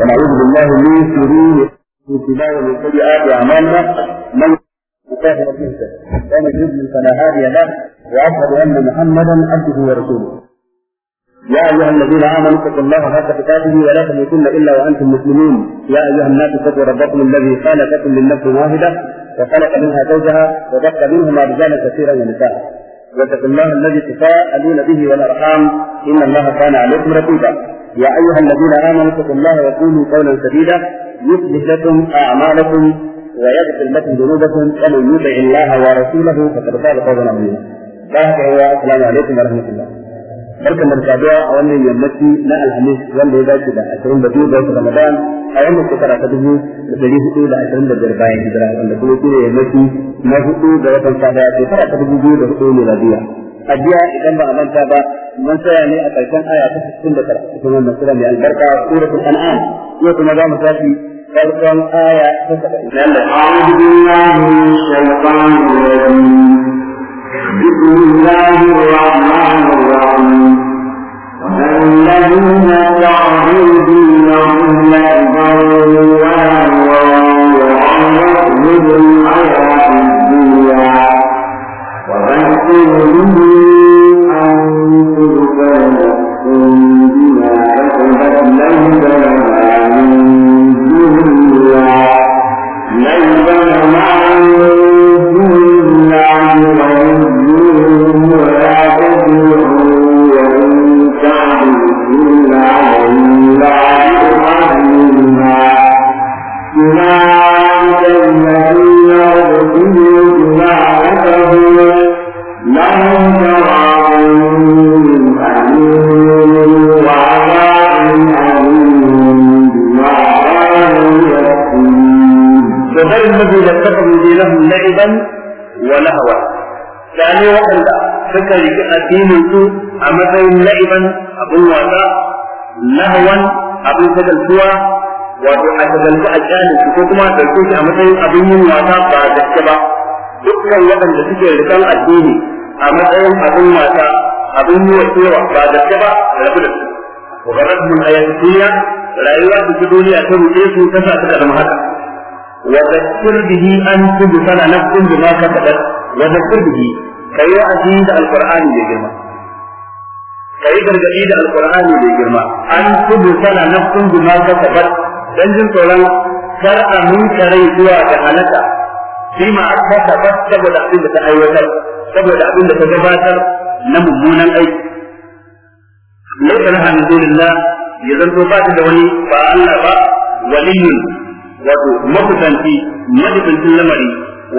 ونعوذ بالله من شرور انتباه ومن سيئات اعمالنا من الله وجهده ومن يضلل فلا هادي له واشهد ان محمدا عبده ورسوله يا ايها الذين امنوا اتقوا الله حق كتابه ولا تموتن الا وانتم مسلمون يا ايها الناس اتقوا ربكم الذي خلقكم من نفس واحده وخلق منها زوجها وبث منهما رجالا كثيرا ونساء واتقوا الله الذي تساءلون به والارحام ان الله كان عليكم رقيبا يا أيها الذين آمنوا اتقوا الله وقولوا قولا سديدا يصلح لكم أعمالكم ويغفر لكم ذنوبكم ومن يطع الله ورسوله فقد فاز فوزا عظيما. بارك الله السلام عليكم ورحمة الله. barkan da saduwa a wannan yammaci na alhamis wanda ya dace da ashirin da biyu ga watan ramadan a wannan shekara ta dubu da dari hudu da ashirin da biyar bayan hijira wanda kuma shi ne yammaci na hudu ga watan sada shekara ta dubu biyu da hudu miladiya a jiya idan ba a manta ba mun tsaya ne a ƙarshen aya ta 69 cikin wannan sura mai albarka suratul an'am yau kuma za mu tafi farkon aya ta 70 a'udhu billahi minash shaitanir rajim بسم الله الرحمن الرحيم والذين تعبدوا دينهم لعبا ولهوا وعبدوا الحياة تغني أنفسك نفس بما كسبت لهم su a matsayin la'iban abin wasa lahwan abin shagaltuwa wato a shagaltu a kyale su ko kuma a shi a matsayin abin yin wasa ba a gaske ba dukkan waɗanda suke rikan addini a matsayin abin wasa abin yi wa cewa ba gaske ba rabu da su a garabun ya, rayuwa ta duniya ta ruɗe su ta sa ta zama haka وذكر به أن تبصر نفس بما bihi, وذكر به كي يعزيز ya بجمع kai gargadi da alqur'ani da girma an kubu sana nafsun ka kasabat dan jin tsoron kar a mun rai zuwa ga halaka ka kasabat saboda abin da ta aiwatar saboda abin da ta gabatar na mummunan aiki kana alhamdulillah, ya zanto ba da wani ba Allah ba waliyun wato makusanci majibincin lamari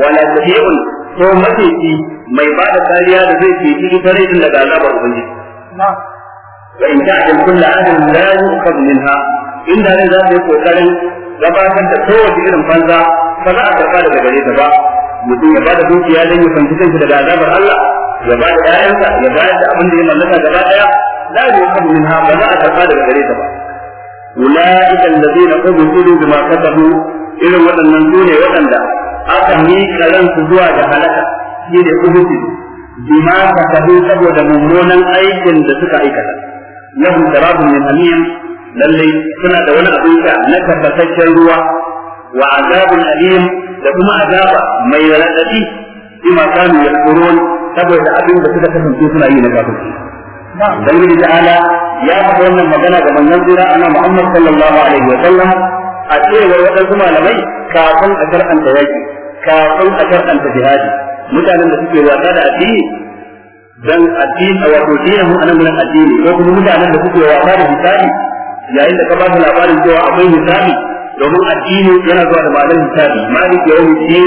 wala tafi'un ko mafiki mai ba da kariya da zai ce tare rai daga ba ubangiji وإن تعجل كل أهل لا يؤخذ منها إن لا ذلك وكلم gabatar da kowace irin banza ba za a karɓa daga gare ta ba mutum ya bada dukiya don ya fanci kansa daga azabar Allah ya da ƴaƴansa ya bayar da abin da ya mallaka gaba ɗaya la yu'khadhu minha ba za a karɓa daga gare ta ba ulaika alladhina ubidu bima kasabu irin waɗannan su ne waɗanda aka miƙa ransu zuwa da halaka shi ne ubidu bima ka tabu saboda mummunan aikin da suka aikata lahum sharabun min hamim lalle suna da wani abin da na tabbataccen ruwa wa azabun alim da kuma azaba mai radadi bima kanu yakurun saboda abin da suka kasance suna yi na kafirci Ubangiji ta'ala ya faɗa wannan magana ga manyan jira ana Muhammad sallallahu alaihi wa sallam a cewar waɗansu malamai kafin a shar'anta yaki kafin a shar'anta jihadi mutanen da suke wasa da addini dan addini a wato dinin mu anan gurin addini ko kuma mutanen da suke wasa da hisabi yayin da ka ba su labarin cewa akwai hisabi domin addini yana zuwa da malamin hisabi malik yawmi din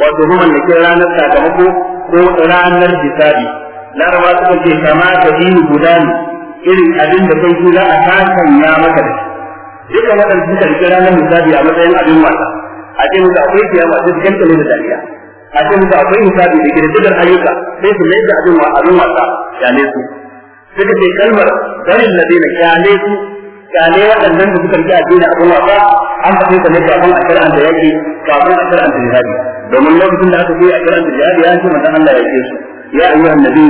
wato kuma ne ke ranar sakamako ko ranar hisabi laraba suka ce kama ta dini guda ne irin abin da kai za a kasan ya maka da shi dukkan waɗanda suka rike ranar hisabi a matsayin abin wasa a ce da akwai kiyama sai su kanta ne da dariya a ce musu akwai hisabi da girgizar ayyuka sai su mai da abin wa abin wasa kyale su suka ce kalmar dalil ladina kyale su kyale waɗannan da suka rike addini abin wasa an faɗi ta ne kafin a shar'anta yaki kafin a shar'anta jihadi domin lokacin da aka ce a shar'anta jihadi ya ce manzon Allah ya ce su ya ayyuhan nabi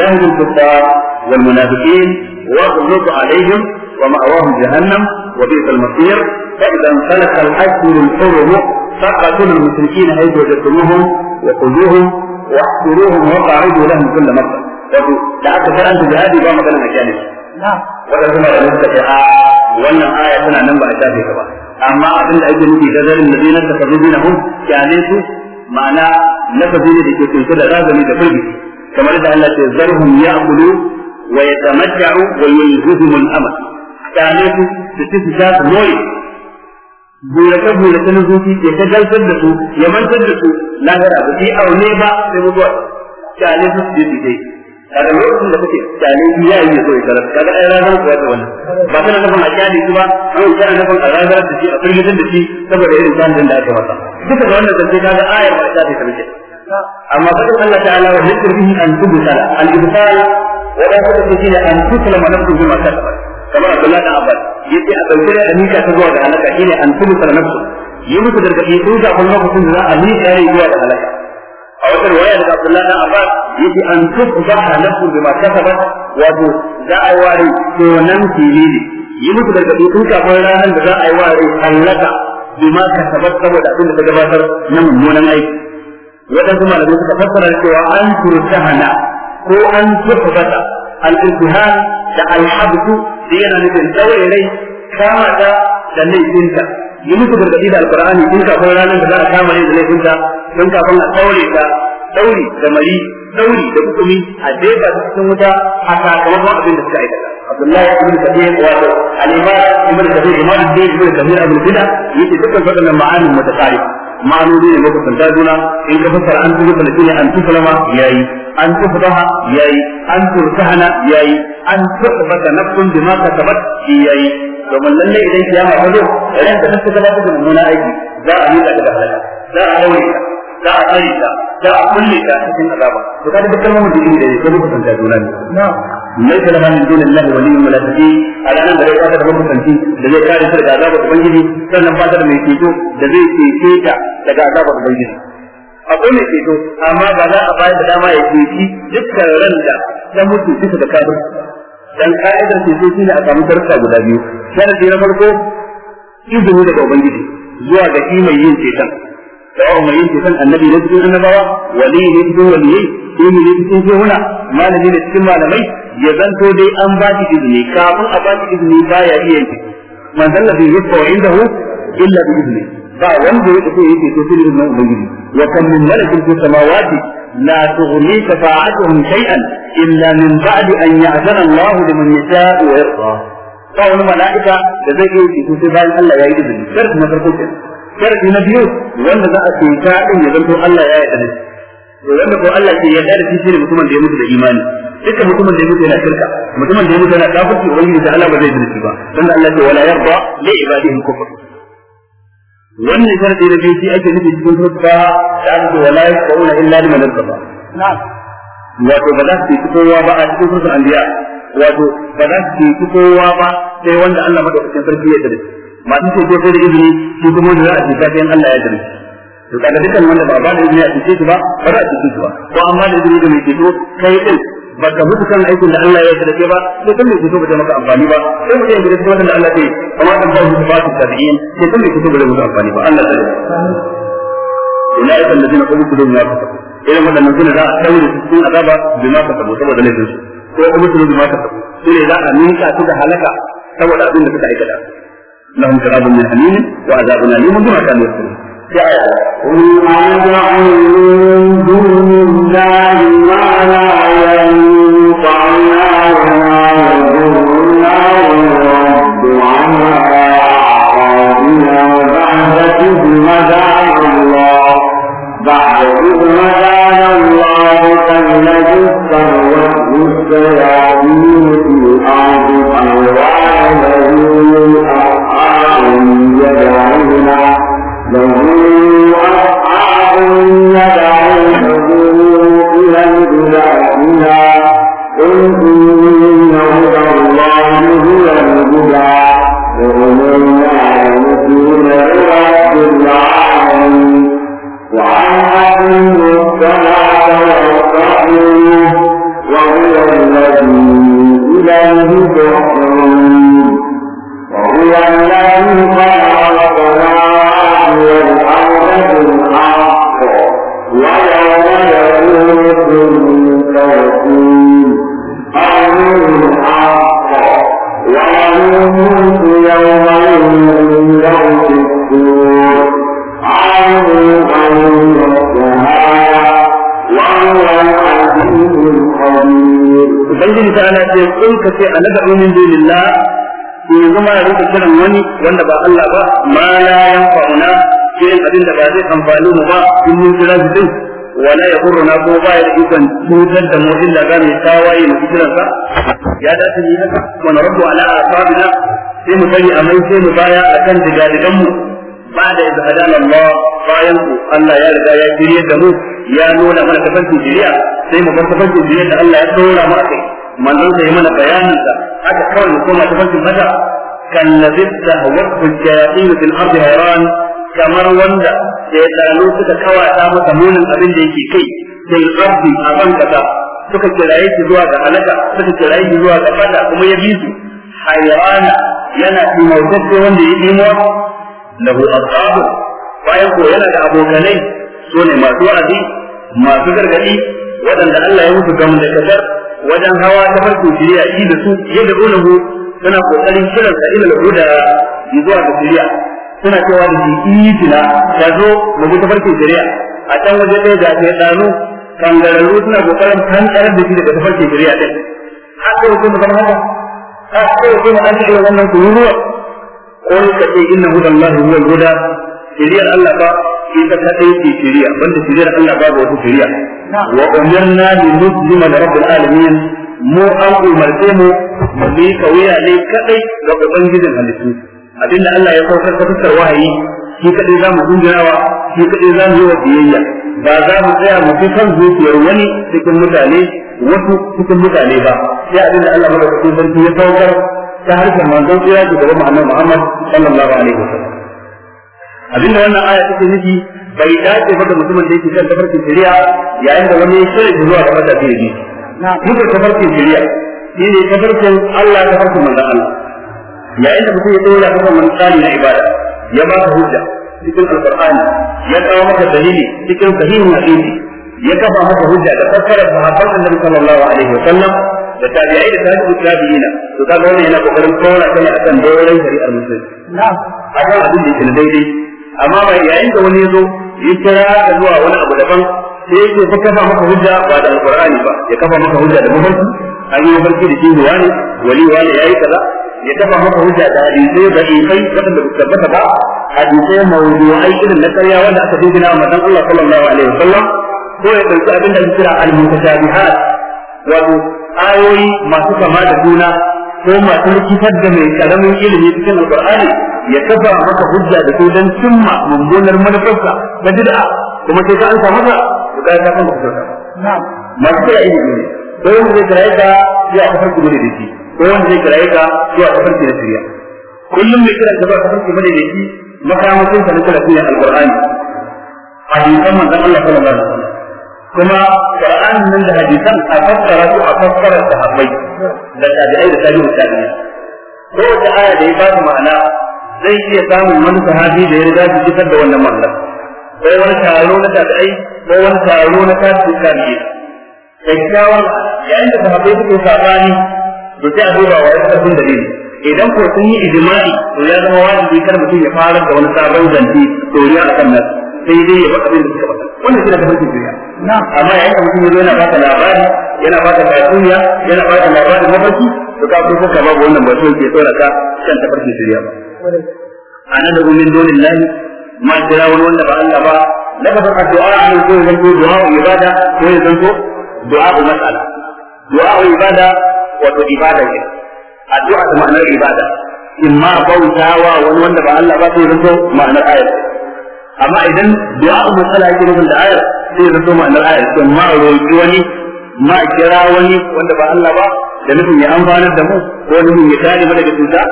jahil kuffar wal munafiqin wa qulub alaihim wa ma'awahum jahannam wa bi'sal masir fa idan salaka al-ashhur al-hurum فاقتلوا المشركين حيث وجدتموهم وخذوهم واحصروهم وقعدوا لهم كل مرة تقول لعبت فرأنت بهذه بامة المكان ولا آية آية كما رمضت في وانا آية سنة ننبع شافي كبا أما أقل أيضا نجي جذل الذين تفضلوا بينهم كانت معنى نفذوا لدي كما رضا لا تذرهم يأكلوا ويتمتعوا ويلهزهم الأمر كانت تتسجاد مويه burace burace na zuci ya ta galsar da su ya mantar da su lahira ba su aune ba sai mu zuwa kyale su su je dai kada lokacin da kake kyale su ya yi so ya kada ai ranar ku ya ta wannan ba kana nufin a kyale su ba an kyale nufin a ranar da shi a firgitar da shi saboda irin kyanin da aka masa duka da wannan zance kaga ayar ba ta ta mace amma fadin Allah ta'ala wa zikr bihi an tubtala al-ibtal wa la tubtala an tuslama nafsun bima kasabat kamar Abdullah da Abbas yace a dauke da amika ta zuwa ga halaka shine an tubu sanatu yi musu gargadi sun ga kun lokacin da za a mika yayi zuwa ga halaka a wata riwaya da Abdullah bin Abbas yace an tubu ba halaka bima kasabat wato za a ware to fili. filili yi musu gargadi sun ga kun ranar da za a yi ware halaka bima kasabat saboda abin da ta gabatar na mummunan aiki wadansu malamai suka fassara cewa an turtahana ko an tuhbata al-intihar da al-habdu sai yana nufin tsawon rai kama da da laifinta yi musu gargaɗi da alkur'ani tun kafin ranar da za a kama ne da laifinta tun kafin a tsaure ta tsauri da mari tsauri da hukumi a jefa ta cikin wuta a sakamakon abin da suka aikata Abdullahi ibn Kabir wato Al-Imam ibn Kabir Imam Ibn Kabir Kabir Abdul Bida yake dukkan waɗannan ma'anin mutasari ma'anoni ne makusanta juna in ka fassara an tuzu da shine an tusalama yayi an ta yayi an turtahana yayi an tuhbata nafsun bima kasabat yayi domin lalle idan kiyama ta zo ran da nafsu ta bata mummuna aiki za a nuna ta da halaka za a aure ta za a tsare ta za a kulle ta cikin azaba to kada duk kalmomin da yake ko duk san ta juna ne mai kana man dun Allah wali min malaki alanan da ya ta mutunci da zai kare ta daga azabar ubangiji sannan ba ta da mai ceto da zai cece ta daga azabar ubangiji akwai mai ceto amma ba za a bayar da dama ya ceci dukkan ran da ta mutu duka da kafirci dan ka'idar ce sai shine a samu darsa guda biyu sharadi na farko izini daga ubangiji zuwa ga shi mai yin cetan sawa mai yin cetan annabi na cikin annabawa wali ne cikin waliyai ilmi ne cikin shehuna malami ne cikin malamai ya zanto dai an ba shi izini kafin a ba shi izini ya iya yin man zallabi yusfa wa indahu illa bi izni ba wanda ya tafi yake to sai izinin ubangiji wa kam min malakin fis samawati la tughni shafa'atuhum shay'an illa min ba'di an ya'zana Allah liman yasha'u wa yarda ba wani mala'ika da zai yi ceto sai bayan Allah ya yi izini sharadi na farko ke sharadi na biyu wanda za a ceta din ya zanto Allah ya yarda da to wanda ko Allah ke yarda da shi shine mutumin da ya mutu da imani dukkan mutumin da ya mutu yana shirka mutumin da ya mutu yana kafirci ubangiji da Allah ba zai yarda ba Allah wala wannan ake nufi cikin sura ta wala illa wato ba za su yi kowa ba a cikin sunan anbiya wato ba za su yi kowa ba sai wanda Allah madaukakin sarki ya dare ma din ce sai da izini shi kuma da za a ci sai Allah ya dare to kaga dukan wanda ba ba da izini a cikin shi ba ba za a cikin shi ba ko amma da izini da mai ci kai din ba ka mutu kan aikin da Allah ya yarda da ba sai kun yi kuto ba maka amfani ba sai mutum ya gidan wannan Allah ke amma an ba shi ba su tabi'in sai kun yi kuto ba maka amfani ba Allah sai ulaika alladhina qulu kullum ya kutu irin waɗannan sune za a daure su cikin azaba bi ma kasabu saboda laifin su ko kuma su bi ma kasabu sune za a ninka su da halaka saboda abin da suka aikata lahum sharabun min hamim wa azabun alimun bima kanu yasrun sai aya qul a'udhu min dunillahi ma la yanfa'una wa la yadurruna wa raddu 'ala wa ba'dathu بعد إذ هدانا الله فلنجد السهوة السيئة nad'u min dunillah to ya rinka kiran wani wanda ba Allah ba ma ba zai amfani mu ba in mun kira ko ba ya ikon cutar da mu mai tawaye mu ya dace ala asabina sai mu a mai mu baya akan digadigan mu ba da izhadan Allah bayan ku Allah ya riga manzon sai mana bayanin sa haka kawai mu koma tafarkin mata kan kallazi tahwatu shayatin fil ardi hayran kamar wanda da ya tsaro suka kawata masa munin abin da yake kai fil ardi a kan kasa suka kiraye shi zuwa ga halaka suka kiraye shi zuwa ga fada kuma ya bi su hayrana yana imautattu wanda ya imuwa lahu ashabu bayan ko yana da abokanai So ne masu wa'azi masu gargadi waɗanda Allah ya mutu gamu da kasar wajen hawa ta farko shiriya yi da su yadda ulahu suna kokarin kiran sa ila huda zuwa ga shiriya suna cewa da shi idina ta zo mu bi ta farko shiriya a can waje ɗaya da ke ɗanu kangararru suna kokarin hankalar da shi daga ta farko shiriya ɗin har sai hukun da haka har sai hukun da an ci wannan kururuwa ko ka ce ina hudan Allah huwa huda shiriyar Allah ba ita kadai ce shari'a banda shari'ar Allah babu wata shari'a wa umirna li nuslima li rabbil alamin mu an umarce mu mu yi kauya ne kadai ga ubangijin halittu abinda Allah ya saukar ta fuskar wahayi shi kadai za mu shi kadai za mu yi wa biyayya ba za mu tsaya mu fi kan zuciyar wani cikin mutane wasu cikin mutane ba sai abinda Allah madaukakin sarki ya saukar ta harshen manzon tsira ga gaban Muhammad sallallahu alaihi wasallam abinda wannan aya take nufi bai dace ba da mutumin da yake kan tafarkin shari'a yayin da wani shirin zuwa ga mata biyu na duka tafarkin shari'a shi ne tafarkin Allah tafarkin manzon Allah yayin da mutum ya dora kan wani tsari na ibada ya ba ka hujja cikin alqur'ani ya kawo maka dalili cikin sahihin hadisi ya kafa maka hujja da fassara sahabban annabi sallallahu alaihi wa sallam da tabi'ai da tabi'u tabi'ina to kaga wannan yana kokarin kora kana akan doren shari'ar musulmi Na akan abin da yake daidai amma ba yayin da wani ya zo ya kira ka zuwa wani abu daban sai yake ta kafa maka hujja ba da alqur'ani ba ya kafa maka hujja da mafarki an yi mafarki da shi wani wali wani yayi kaza ya kafa maka hujja da hadisai da ifai wadanda ba tabbata ba hadisai mawdu'ai irin na karya wanda aka dubina wa manzon Allah sallallahu alaihi wasallam ko ya dauki abin da ake kira al-mutashabihat wato ayoyi masu kama da juna ko masu rikitar da mai karamin ilimi cikin alqur'ani ya kafa maka hujja da su dan cimma mummunar manufarsa na bid'a kuma sai ka an samu ta to ka ta kuma kusa na'am masu kira ilimi ne ko wanda zai kira ka ya kafar kuma da shi ko wanda zai kira ka ya kafar da shirya kullum mai kira ka ba kafar kuma da shi makamakon ka na kira shine alqur'ani hadisan manzon Allah sallallahu alaihi wasallam kuma Qur'an nan da hadisan a fassara su a sahabbai da tabi'ai da tabi'u tabi'i ko wata aya da ya ba su ma'ana zai iya samun wani sahabi da ya riga shi fitar da wannan ma'anar ko wani taro na tabi'ai ko wani taro na tabi'u tabi'i kyakkyawan yayin da sahabbai suke sabani to sai a duba wa yadda sun dalili idan ko sun yi ijma'i to ya zama wajibi kar mutum ya fara da wani sabon zanti to ya akan nan sai dai ya faɗa abin da suka faɗa wannan shi ne kamar Na amma yayin da mutum ya zo yana baka labari yana baka tatsuniya yana baka labarin mafarki to ka ko ka babu wannan ba sai ke tsora ka kan tafarkin shirya ba ana da dole dunillahi ma kira wani wanda ba Allah ba ka farka du'a an ko zan ko du'a ibada ko zan ko du'a mas'ala du'a ibada wato ibada ne du'a da ma'anar ibada in ma bautawa wani wanda ba Allah ba sai zan ko ma'anar ayat amma idan du'a mas'ala ke nufin da ayat sai zan ko ma'anar ayat in ma roƙi wani ma kira wani wanda ba Allah ba da nufin ya amfanar da mu ko nufin ya kare mu daga cuta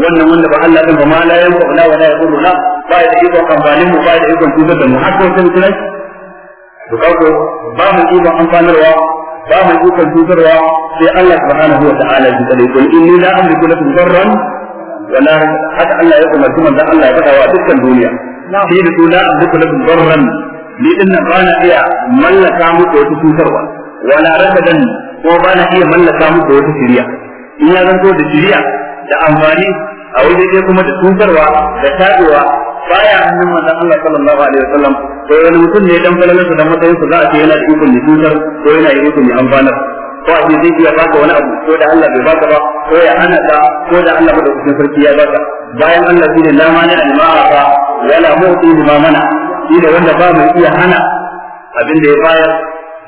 wannan wanda ba Allah din ba ma la yanfa wala wala yaqulu la ba ya iko amfanin mu ba ya iko cutar da mu har sai sun kira to kawo ba mu iko amfanarwa ba mu iko cutarwa sai Allah subhanahu wa ta'ala ya kare ku inni la amliku lakum darran wala haka Allah ya kuma umarci da Allah ya faɗa wa dukkan duniya sai da su la amliku lakum darran ni din nan ba iya mallaka muku wata cutarwa wala rakadan ko ba na iya mallaka muku wata shirya in ya zanto da shirya da amfani a wajen dai kuma da tunkarwa da tadewa baya hannun manzon Allah sallallahu alaihi wasallam ko wani mutum ne dan falalarsa da matsayinsa za a ce yana da ikon da ko yana yi ikon da amfanar ko a zai iya baka wani abu ko da Allah bai baka ba ko ya hana ka ko da Allah da sarki ya baka bayan Allah ne la na al ma'afa wala mu'ti lima mana da wanda ba mai iya hana abin da ya bayar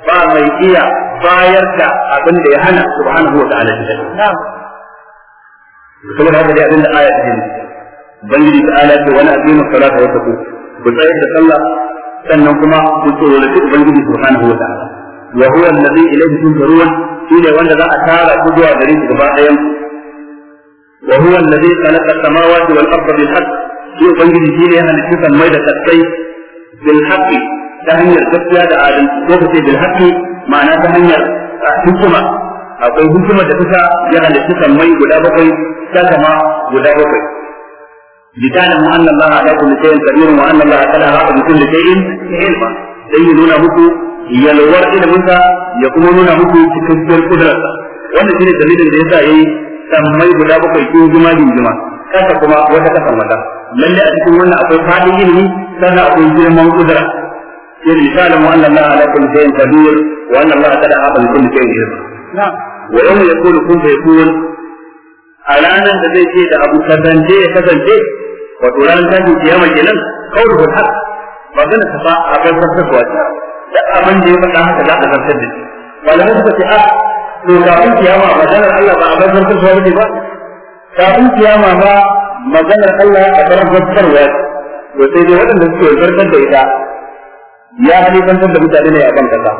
ba mai iya bayar da abin da ya hana subhanahu wa ta'ala shi saboda haka dai abin da aya ta gani da ta ala ce wani abin salata wa taqu ku tsayar da sallah sannan kuma ku tsoraci ubangiji subhanahu wa ta'ala wa huwa alladhi ilayhi tunzarun shine wanda za a tara ku zuwa gare shi gaba ɗayan wa huwa alladhi khalaqa as-samawati wal arda bil haqq shi ubangiji shine ya halitta mai da kaskai bil haqqi ta hanyar gaskiya da adalci ko kace bil haqqi ma'ana ta hanyar ah, hikima akwai hikima da ta ya halitta mai guda bakwai ta kama guda bakwai لتعلم أن الله على كل شيء قدير وأن الله تعالى أحاط بكل شيء علما sai ya nuna muku yalwar iliminsa ya kuma nuna muku cikakkiyar kudurarsa wannan shine dalilin da yasa yayi sammai guda bakwai ko juma juma kasa kuma wata kasan wata lalle a cikin wannan akwai fadin ilimi sannan akwai girman kudura إذ تعلم أن الله على كل شيء قدير وأن الله قد أعطى بكل شيء علما نعم ويوم يقول كن فيكون ألانا الذي شيء أبو كذنجي كذنجي وتولان كان في يوم الجنة قوله الحق فقال سفاء أبو كذنجي da abin da ya faɗa haka za a zartar da shi malamai suka ce a ah, to kafin kiyama maganar Allah ba a bar zartarwa ba ne kiyama ba maganar Allah a bar zartarwa to sai dai waɗanda suke zartar da ita ya halifantar da mutane ne a kan kasa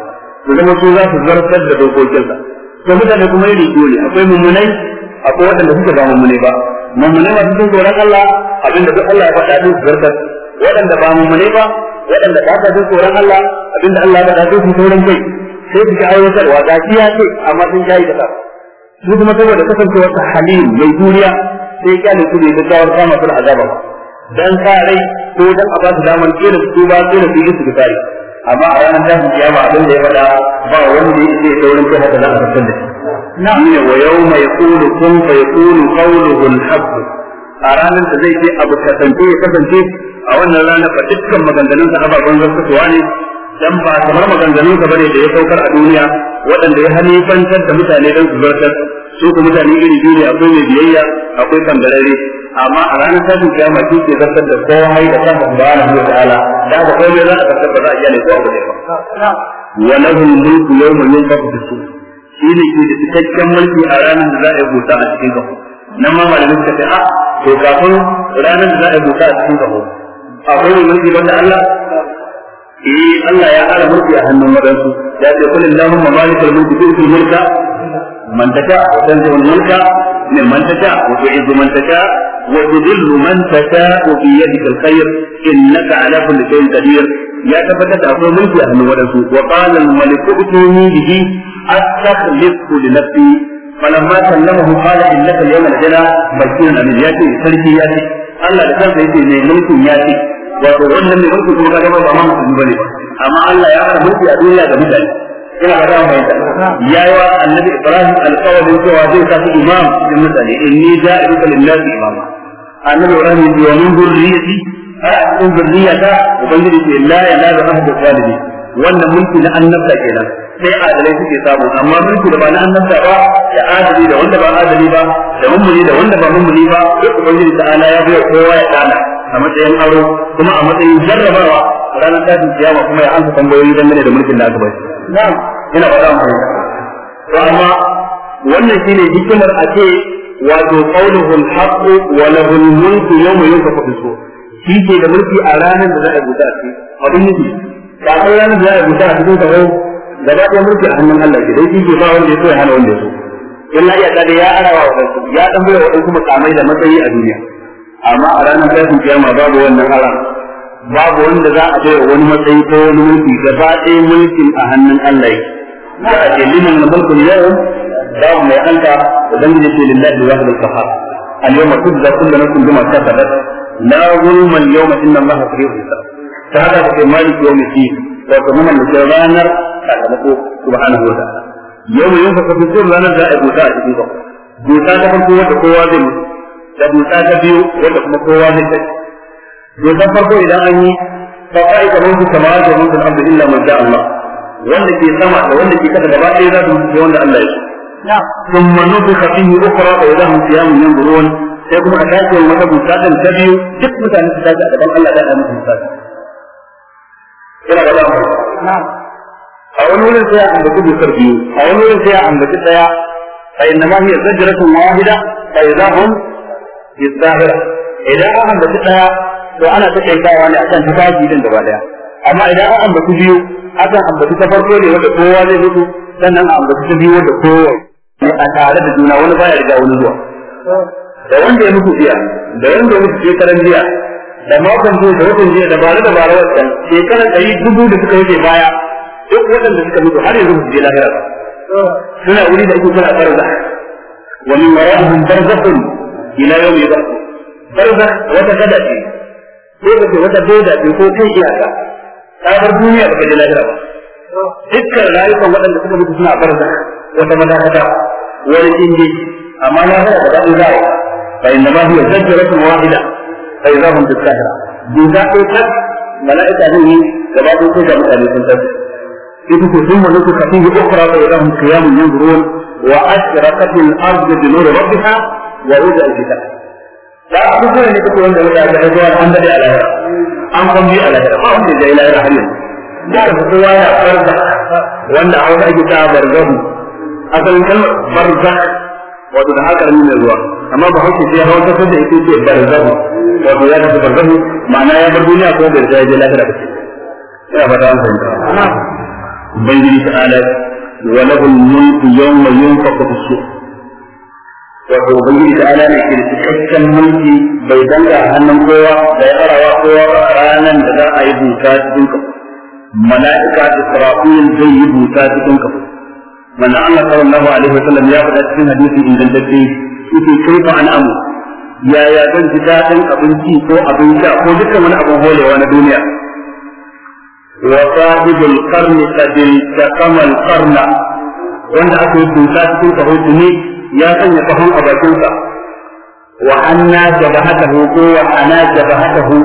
su kuma su za su zartar da dokokin sa to mutane kuma yi dole akwai mummunai akwai waɗanda suka ba mummunai ba mummunai ba jin tsoron Allah abinda duk Allah ya faɗa din su zartar waɗanda ba mummunai ba waɗanda ba sa jin tsoron Allah abinda Allah ya faɗa din su tsoron kai sai su ga aiwatarwa ga iya ce amma sun jayi da su kuma saboda kasancewar halin mai juriya sai ya kyale su bai gaggawar kama su azaba dan sa rai ko dan a ba su damar kila su ba kila su yi su amma a ranar da su kiyama abin da ya fada ba wanda ya ce saurin kai haka za a rasu da shi ne wa yau mai kulu kun fa kulu kauluhun haqqu a ranar da zai ce abu kasance ya kasance a wannan ranar ba dukkan maganganun sa ababen zartawa ne dan ba kamar maganganun sa bane da ya saukar a duniya waɗanda ya hanifantar da mutane dan su zartar su ku mutane iri biyu ne akwai mai biyayya akwai kangarare amma a ranar tashin kiyama shi ke zartar da komai da kansa subhanahu da ta'ala da ba kai za a zartar da za a iya ne ko abu ne ba wa lahu mulku yawma yunfaku fi sur shi ne ke da cikakken mulki a ranar da za a yi buta a cikin kafa nan ma malamin suka ce a ah, to kafin ranar da za a yi buta a cikin kafa akwai mai mulki banda Allah eh Allah ya ara mulki a hannun wadansu ya ce kullum lahumma malikul mulki tu'til mulka من تشاء وتنزع الملك ممن تشاء وتعز من تشاء وتذل من تشاء في يدك الخير انك على كل شيء قدير يا تفتت اقوى ملكي اهل ولده وقال الملك ائتوني به استخلفت لنفسي فلما سلمه قال انك اليوم لدينا مكين امين ياتي سلكي ياتي الله da kansa yake من ملك ياتي ce wato wannan mai mulkin kuma kaga بني اما الله يعلم ملكي Allah ya ina ba da mai ya yi wa annabi ibrahim alƙawarin cewa zai sa su imam cikin mutane imama annabi ibrahim wa zurriyati a cikin zurriyata ubangiji ce la yanalu ahadu zalimin wannan mulki na annabta kenan sai adalai suke samu amma mulki da ba na annabta ba da adali da wanda ba adali ba da mummuni da wanda ba mummuni ba duk ubangiji ta ala ya bayar kowa ya dana a matsayin aro kuma a matsayin jarrabawa ranar tashin kiyama kuma ya amsa tambayoyi dangane da mulkin da aka bai ina faɗa mu to amma wannan shine hikimar a ce wato qauluhul haqqu wa lahul mulku yawma yunfaku fi sur shi ke da mulki a ranar da za a buta shi abin nufi ka san ranar da za a buta a cikin da ba ɗaya mulki a hannun Allah ke dai shi ke ba wanda ya so ya hana wanda ya so illa ya kada ya ara wa kansu ya dan wa kansu makamai da matsayi a duniya amma a ranar tashin kiyama babu wannan haram babu wanda za a bayar wani matsayi ko wani mulki gaba ɗaya mulkin a hannun Allah yake da a ce liman na mulkin yau babu mai anka ubangiji ce lillahi wahidul qahhar al da tujza kullu nafsin bima kasabat na zulma al yawma inna allaha sari'ul hisab ta haka take maliki yawmi din wato mun da ranar sakamako subhanahu wa ta'ala yau yau fa kafin ranar da a buta a cikin ba buta ta farko wanda kowa zai mutu da buta ta biyu wanda kuma kowa zai tafi dokan farko idan an yi fa ka'ida mun kama da mun da abdu illa man sha Allah wanda ke sama da wanda ke kada gaba ɗaya za su mutu wanda Allah ya so ثم نفخ فيه أخرى فإذا هم قيام ينظرون سيكون أساسا ومدى مساعدا تبيو جد مساعدا تتاجع لبن الله لا أمس مساعدا إلى غدا نعم أول ولد سيا عم بكتب يسربيو أول ولد سيا عم بكتب سيا فإنما هي زجرة واحدة فإذا هم يستاهرة إذا هم بكتب to ana ta tsayawa ne akan tufafi din gaba daya amma idan an ambaci biyu akan ambaci ta farko ne wanda kowa zai mutu sannan a ambaci ta biyu wanda kowa ne a tare da juna wani baya riga wani zuwa da wanda ya mutu jiya da wanda ya mutu shekaran jiya da makon jiya da watan jiya da bare da bare wancan shekaran ɗari dubu da suka wuce baya duk waɗanda suka mutu har yanzu su je lahira ba suna wuri da uku suna barza wa min wara'ihim barzakhun ila yawmi yub'ath barza wata kada ce ko ka ce wata doda ce ko kai iyaka ta bar duniya ba ka ji lahira ba dukkan rayukan waɗanda suka mutu suna barza wata madakata wani inji amma lahira ba da a yi za fa inna ma huwa zajratun wahida fa idza hum bisahira duka ko tak malaika ne yi gaba ko ko da mutane sun tafi ita ce sun wani suka fi yi ukra fa idza hum qiyamun yanzurun wa wa da a kusa ne kuka wanda wanda aka haihuwa an daɗe a lahira an kwan biyu a lahira ba wanda ya yi lahira har yanzu da ka kowa ya farza wanda a wani ake ta barzahu asalin kalmar barza wato da haka ne zuwa amma ba hausa sai hawa ta sanda ita ce barzahu wato ya tafi barzahu ma'ana ya bar duniya ko da ya je lahira ba ce ina fata an fahimta ubangiji ta'ala wa lahul mulku yawma yunfaqu fi wato ubangiji ta ala ne ke cikakken mulki bai danga hannun kowa da ya farawa kowa ba ranan da za a yi buta cikin kafa mala'ika israfil zai yi buta cikin kafa manzo Allah sallallahu alaihi Sallam ya faɗa cikin hadisi ingantacce yake kaifa an amu yaya zan ji daɗin abinci ko abin sha ko dukkan wani abin holewa na duniya wa sahibul qarni qad taqama al qarna wanda aka yi buta cikin hoto ne ya sanya kafan a bakinsa wa anna jabahatahu ko wa ana jabahatahu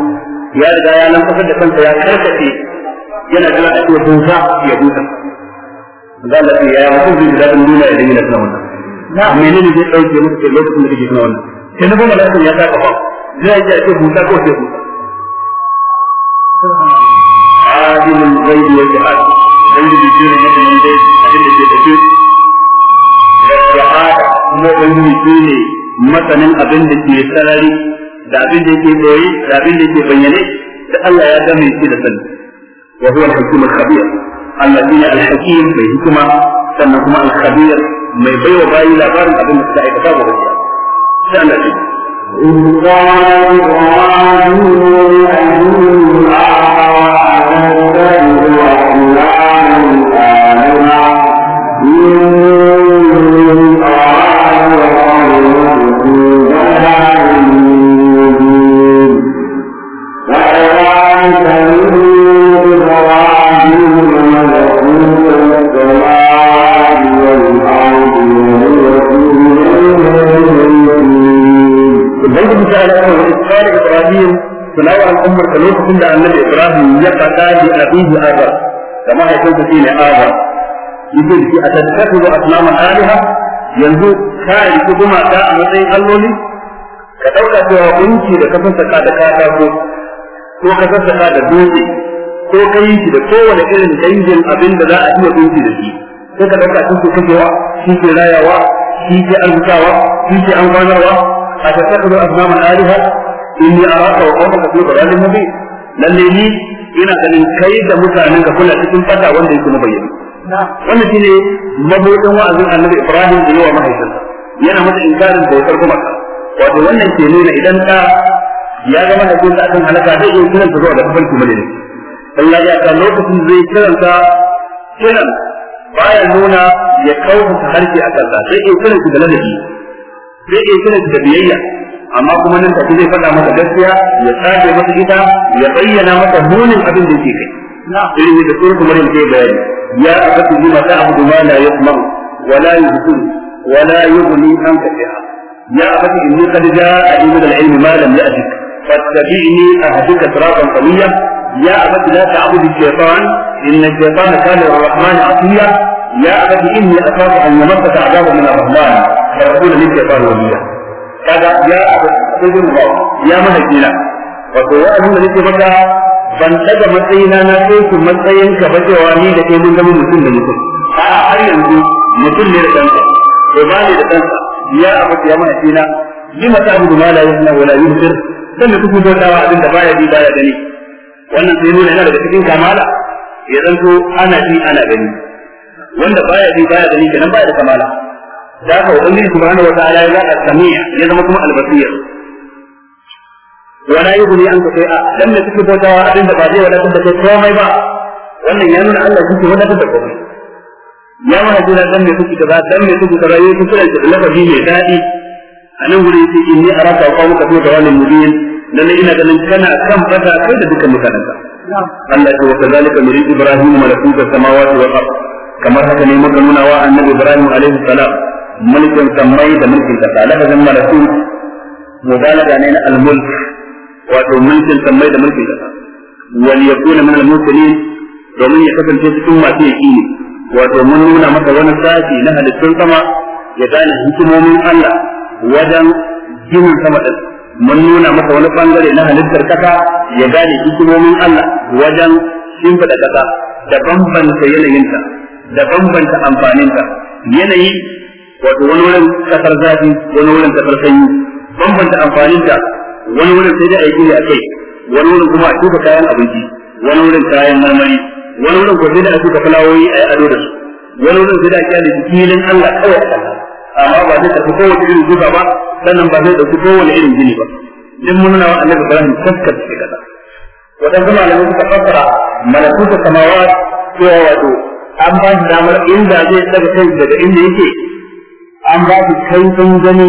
ya riga ya lankwasar da kansa ya karkace yana jira a cikin dunsa ya huta da Allah ya mutum zai ji daɗin duniya idan yana tana wannan na menene zai ɗauke musu ke lokacin da kake tana wannan sai na goma lafiya ya sa kafa zai ji a ce huta ko ke huta alimin gaibi wa jihad ubangiji shi ne mutumin dai abin da ke tafi da shahada kuma ubangiji shi ne masanin abin da ke sarari da abin da ke boye da abin da ke bayyane da Allah ya ga mai shi da sani wa huwa al-hakim al-khabir Allah shi al-hakim mai hikima sannan kuma al-khabir mai baiwa bayi labarin abin da ke aikata ba hujja sai Allah ya إن قال إبراهيم أبي الله ta'ala wa qala ibrahim tunawa al'ummar ka lokacin da annabi ibrahim ya faɗa li abihi azar da mahaifinsa shine azar yake shi a tattaku asnama alaha yanzu ka yi kuma a matsayin alloli ka dauka cewa da da katako ko ka da dutse ko ka yi shi da kowane irin dangin abin da za a iya gunki da shi sai ka dauka shi ke kashewa shi ke rayawa shi ke arzikawa shi ke amfanarwa أتتخذ أصناما آلهة إني أراك وقومك في ضلال مبين lalle ni ina ganin kai da mutanen ka kula cikin fata wanda yake mabayyana wannan shine mabudin wa'azin annabi Ibrahim da yawa mahaifinsa yana masa inkarin bautar kuma wato wannan ke nuna idan ka ya ga mahaifinsa akan halaka zai iya kiran ta zuwa ga tafarki madani dan ya ga lokacin zai kiranta kiran baya nuna ya kauta harshe a kansa sai iya kiran da ladabi sai ya kira da biyayya amma kuma nan take zai faɗa masa gaskiya ya tsaje masa ita ya bayyana masa munin abin da yake kai irin da suratu maryam ke bayani ya akatu bima ta'budu ma la yasma'u wa la yubsir wa la yughni anka shay'a ya akatu inni qad ja'a min al-ilmi ma lam ya'tik fattabi'ni ahdika siratan qawiyya ya abati la ta'budu ash-shaytan inna ash-shaytana kana lir-rahmani 'asiya ya abati inni akhafu an yamassaka 'adabun min ar-rahman ya kula ne ke faru waliya kaga ya abin ba ya mahajina wato ya abin da nake maka ban daga matsayina na kai ku matsayin ka ba cewa ni da kai mun zama mutum da mutum a har yanzu mutum ne da kanka to ba ne da kanka ya abu ya mahajina lima ta'budu ma la yasma wa la yusir dan da kuku bautawa abin da baya bi baya gani wannan sai nuna yana daga cikin kamala ya zanto ana ji ana gani wanda baya bi baya gani kenan baya da kamala da haka ubangiji subhanahu wataala ya zaka samiya ya zama kuma albasir wala yughni anka shay'a dan da kike bautawa abin da ba zai wadatar da kai komai ba wannan ya nuna Allah kike wadatar da komai ya mana jira dan me kuke kaza dan me kuke kaza yayin kira da lafazi mai dadi a nan gurin sai inni araka wa qawmuka fi dawalin mubin lalle ina ganin kana kan fata kai da dukkan mutanenka Allah ya wa kazalika muri Ibrahim malakuta samawati wal ard kamar haka ne muka nuna wa annabi Ibrahim alaihi salam mulkin sammai da mulkin kasa lafazin malakut mubalaga ne na al-mulk wato mulkin sammai da mulkin kasa wal yakuna min al-mursalin domin ya kasance cikin masu yaqini wato mun nuna masa wani sashi na halittun sama ya gane hikimomin Allah wajen ginin sama din mun nuna maka wani bangare na halittar kasa ya gane hikimomin Allah wajen shimfiɗa kasa da bambanta yanayinta da bambanta amfaninta yanayi wato wani wurin kasar zafi wani wurin kasar sanyi bambanta amfanin da wani wurin sai dai a yi gini a kai wani wurin kuma a tuka kayan abinci wani wurin kayan marmari wani wurin ko sai dai a tuka fulawoyi a yi ado da su wani wurin sai dai a kyale filin Allah kawai a kalla amma ba zai tafi kowace irin zuba ba sannan ba zai tafi kowane irin gini ba duk mun nuna wa annabi Ibrahim tafkar da kaza wadanda malamai suka fassara malakutu samawat cewa wato an ba shi damar inda zai daga kai daga inda yake an ba su kai ɗan gani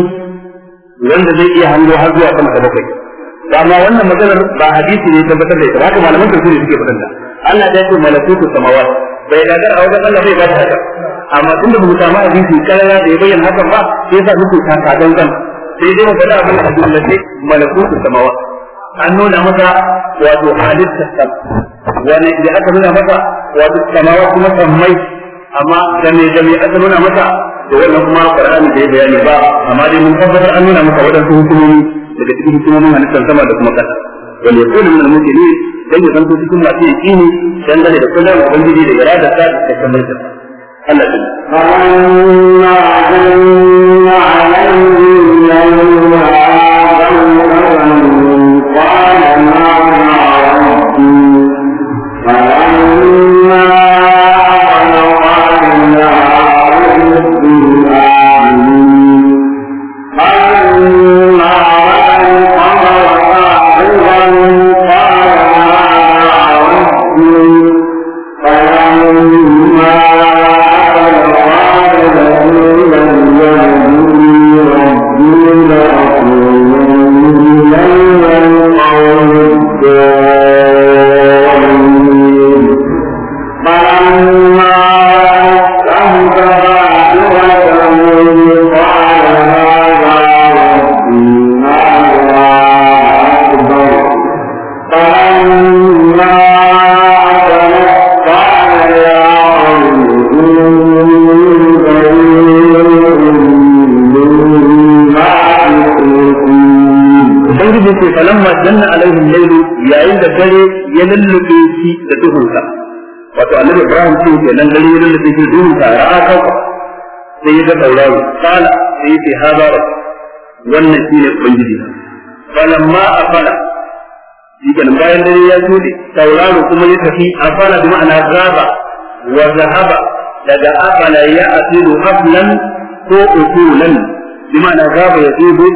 wanda zai iya hango har zuwa sama da bakwai da amma wannan maganar ba hadisi ne tabbatar da ita ba haka malaman tafsiri suke faɗin Allah ya ce malakutu samawar. bai dadar a wajen Allah bai ba da haka amma tun da mu samu hadisi kalala da ya bayyana hakan ba sai sa muke ta kadan kan sai dai mu faɗa abin da Allah ce malakutu samawar. an nuna masa wato halitta sam wani da aka nuna masa wato samawar kuma sammai amma da me da me aka nuna masa da wannan kuma Qur'ani da bayani ba amma dai mun tabbatar an nuna maka wadansu hukumomi daga cikin hukumomin halittar sama da kuma ƙasa wanda ya kula mana muke ne dan ya zanto cikin masu yaƙini dangane da kullum ubangiji da irada ta da kamar ta Allah ta Allah ke nan gari wurin da take duhu ka ra'a ka sai ga tauraro kala sai ya ce hada wannan shi shine ubangiji falamma afala idan bayan dare ya shuɗe tauraro kuma ya tafi a afala bi ma'ana gaba wa zahaba daga afala ya asiru haflan ko usulan bi ma'ana gaba ya tubu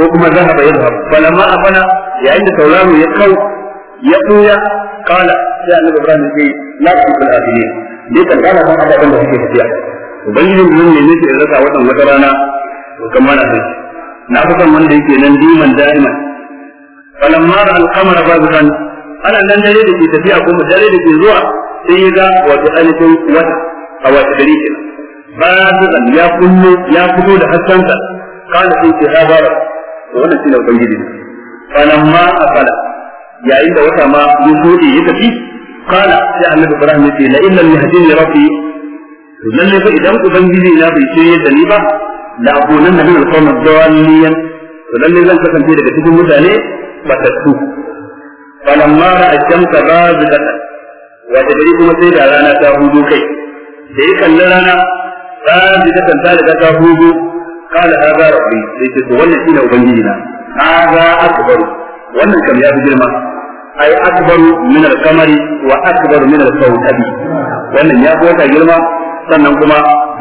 ko kuma zahaba ya zahaba a afala yayin da tauraro ya kau ya tsuya kala sai annabi Ibrahim ya ce la tuqul afilin dukkan kana san ababen da suke tafiya ubangijin mun ne ne ke rasa watan wata rana to kan mana sai na fi son wanda yake nan diman da'iman falamma al-qamara bazikan ana nan dare da ke tafiya ko dare da ke zuwa sai ya ga wato alifin wata a wata dare kenan bazikan ya kullu ya fito da haskansa kana sai ke habara wannan shine ubangiji falamma afala yayin da wata ma ya shuɗe ya tafi qala sai annabi ibrahim yace la illa yahdini rabbi to lalle fa idan ubangiji na bai ce da ni ba la akunanna min al-qawmi dawaliyan to lalle zan kasance daga cikin mutane batattu falamma ra'a shamsa bazatan wa da gari kuma sai da rana ta hudu kai da ya rana bazatan ta da ta hudu qala hadha rabbi sai ce to wannan shine ubangiji na hadha akbar wannan kam ya fi girma ay akbar min al-qamar wa akbar min al-kawkab wannan ya fi wata girma sannan kuma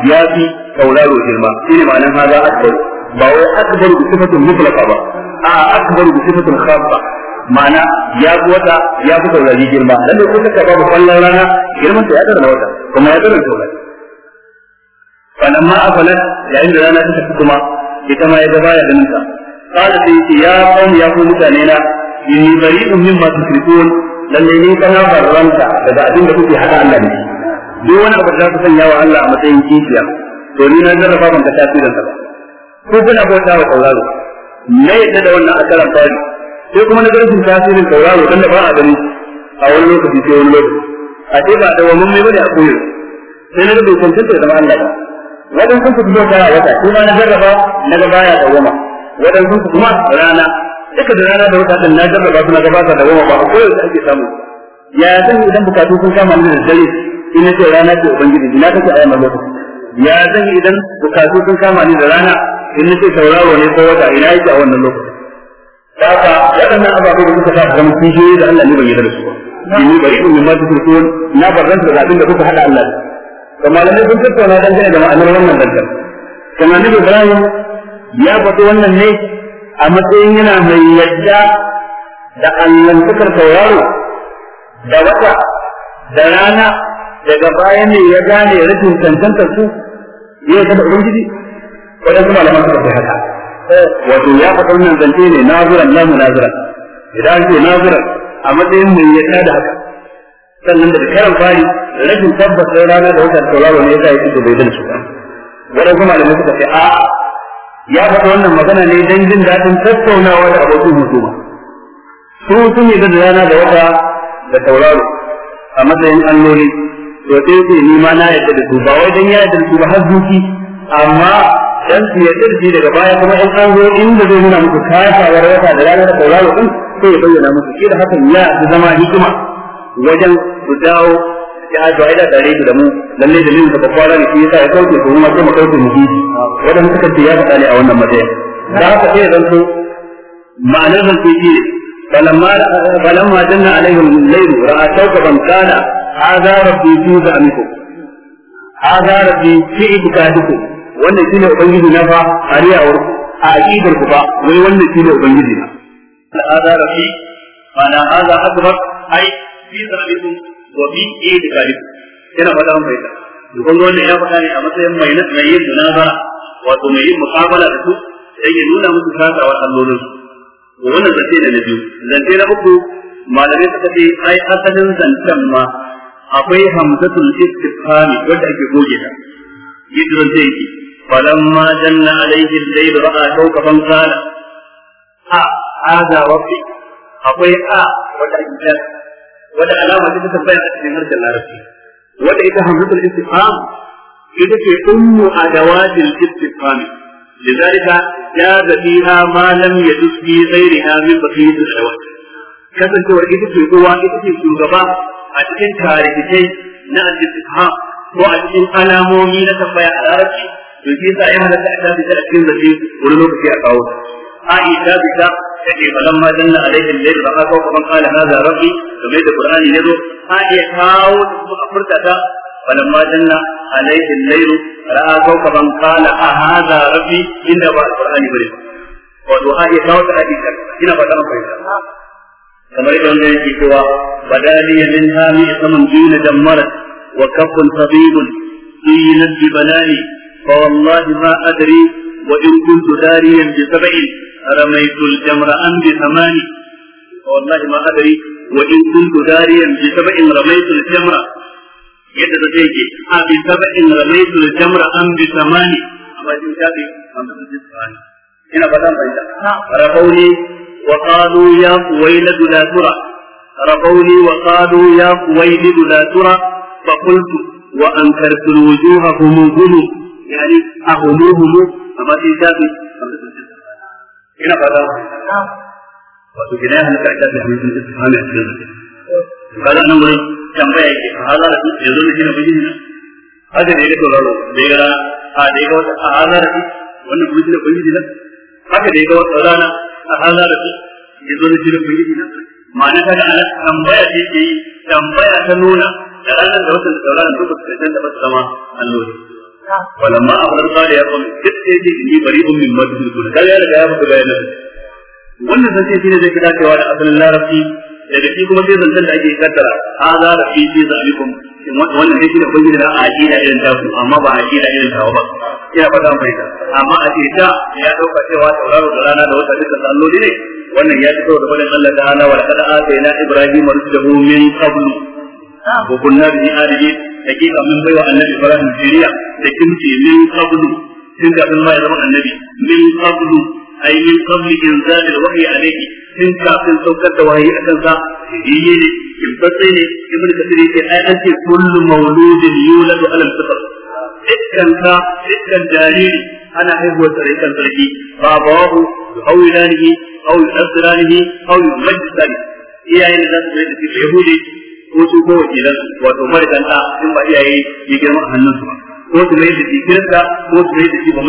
ya fi tauraro girma shine ma'anar hada akbar ba wai akbar da sifatin mutlaqa ba a akbar da sifatin khassa ma'ana ya fi wata ya fi saurari girma dan da kuka babu kallon rana girman ta ya dara wata kuma ya dara taurari ma afalat yayin da rana ta tafi kuma ita ma ya ga baya ganin ta qala sai ya qawmi ya fi mutane na inni bari'un mimma tusrikun lalle ni kana barranta daga abin da kuke hada Allah ne duk wani abu da za ku sanya wa Allah a matsayin kishiya to ni na jarraba ban ta tasirin sa ko kuna bauta wa tauraro na yadda da wannan akaran fari sai kuma na garfin tasirin tauraro dan da ba a gani a wani lokaci sai wani lokaci a ce ba da wannan mai bane a koyo sai na bai tantance da Allah ba wadan kun ku da wa wata kuma na jarraba na ga baya dawama wadan kun kuma rana duka da rana da wata din na jarraba suna gabata da goma ba ko yau ake samu ya zan idan bukatu sun kama ni da dare ina ce rana ce ubangiji na ayi ayyana lokaci ya zan idan bukatu sun kama ni da rana ina ce sauraro ne ko wata ina yake a wannan lokaci da haka waɗannan ababai da suka sa mun kishiyoyi da Allah ne bai yarda da su ba ni bari in ma su so na barranta da abin da kuka hada Allah to malamai sun tattauna dangane da ma'anar wannan dangan kamar ne Ibrahim ya faɗi wannan ne a matsayin yana mai yadda da allantakar tauraro da wata da rana daga baya ne ya gane rashin cancantar su ya yi kada ubangiji waɗansu malaman suka fi haka wato ya faɗa wannan zance ne nazuran na munazuran idan ce nazuran a matsayin mai yadda da haka sannan da karan fari rashin tabbatar rana da wata tauraro ne ya sa ya fito bai zan su ba waɗansu malaman suka fi a'a ya faɗa wannan magana ne don jin daɗin tattaunawa da abokin hukuma su sun yi da rana da wata da tauraro a matsayin alloli to sai su ni ma na yadda da su ba wai dan ya yadda da su ba har duki. amma dan su yadda da daga baya kuma in an zo inda zai nuna muku kasawar wata da rana da tauraro din sai ya bayyana muku shi da hakan ya zama hikima wajen su dawo ya a to aida tare da mu lalle da mun ka fara ne shi yasa ya kauce ko kuma sai kauce mu ji wannan suka ce ya faɗa ne a wannan matsayin da haka sai dan to ma'anar zan ce shi falamma falamma janna alaihim layl ra'a kawkaban kana hadha rabbi fi zamikum hadha rabbi fi ibadikum wannan shine ubangiji na fa ariyawar a aqidar ku ba wai wannan shine ubangiji na hadha rabbi ma'ana hadha akbar ai fi zamikum wa bi fi i'tiqadi yana faɗa mun bai dukkan wannan ya faɗa ne a matsayin mai mai yin munazara wato mai yin muqabala da su sai ya nuna musu kasawar allolin su wannan zance da na biyu zance na uku malamai suka ce ai asalin zancen ma akwai hamzatul istifhami wanda ake goge ta yidran zai ki falamma janna alayhi al-layl ra'a kawkaban qala a hada rabbi akwai a wanda ake wata alama ce ta tambaya a cikin harshen larabci wata ita hamzatul istifham ita ce ummu adawatil istifham لذلك جاز فيها ما لم يجز في غيرها من بقية الأدوات kasancewar ita ce uwa ita ce shugaba a cikin tarihi na al-istifham ko a cikin alamomi na tambaya a larabci to shi yasa ya halatta a tafi ta cikin zafi wani lokaci a kawo ta a ita bisa kace falamma danna alaihi al-layl fa haka kuma qala hadha rabbi kamar da qur'ani yazo ha iya kawo kuma a furta ta falamma danna alaihi al-layl ra'a kawkaban qala a hadha rabbi inda ba qur'ani bare wato ha iya kawo ta hadisi ina fata an fahimta kamar yadda wanda yake cewa badali min hami saman dina jammarat wa kafun tabibun dina bi balani fa wallahi ma adri wa in kuntu dariyan bi sab'in رميت الجمر أن بثماني والله ما أدري وإن كنت داريا بسبع رميت الجمر يدى تجيك أه، بسبع رميت الجمر أن بثماني أما جمتابي أما جمتابي هنا بدان بيضا نعم. رقوني وقالوا يا ويلد لا ترى رقوني وقالوا يا ويلد لا ترى فقلت وأنكرت الوجوه هم يعني أهموهم أما جمتابي أما ina ba da wato gina ya halatta ita da hannun istifhami a cikin ba da nan wurin tambaya yake a halara su yanzu na gina bijin nan haka da ya ga tauraro da ya a da ya ga wata a su wannan kuma gina bijin nan haka da ya ga wata rana a halara su na gina bijin nan ma'ana ta da ana tambaya ce ke yi tambaya ta nuna da ranar da wata da tauraro da ba da zama alloli falamma abrar qala ya qul kitta yake inni bari'un mimma tushrikun kaga ya riga ya mutu bayanan wannan zance shine zai kada cewa da asalin larabci daga shi kuma sai da ake kaddara hada rafi fi zalikum wannan dai shine ubangiji da aqida irin ta amma ba aqida irin ta ba ina fata mai ta amma a ce ta ya dauka cewa tauraro da rana da wata duka salloli ne wannan ya fito da bayan Allah ta'ala wa laqad atayna ibrahima rusulahu hakika mun baiwa annabi Ibrahim jiriya da kimci min qablu tun kafin ma ya zama annabi min qablu ay min qabli inzal alwahyi alayhi tun kafin saukar da wahayi akan sa jiriye ne kimtsatsi ne ibn kasir yake ai an ce kullu mauludin yuladu ala al-fitr dukkan ka dukkan jariri ana haihuwar sarkin sarki babawahu yuhawilanihi aw yusabiranihi aw yumajjisanihi iyayen da za su mai da shi yahudi ko su ko wakilan wato marikan in ba iyaye ya girma a hannun ba. ko su mai da kirista ko su mai da shi ba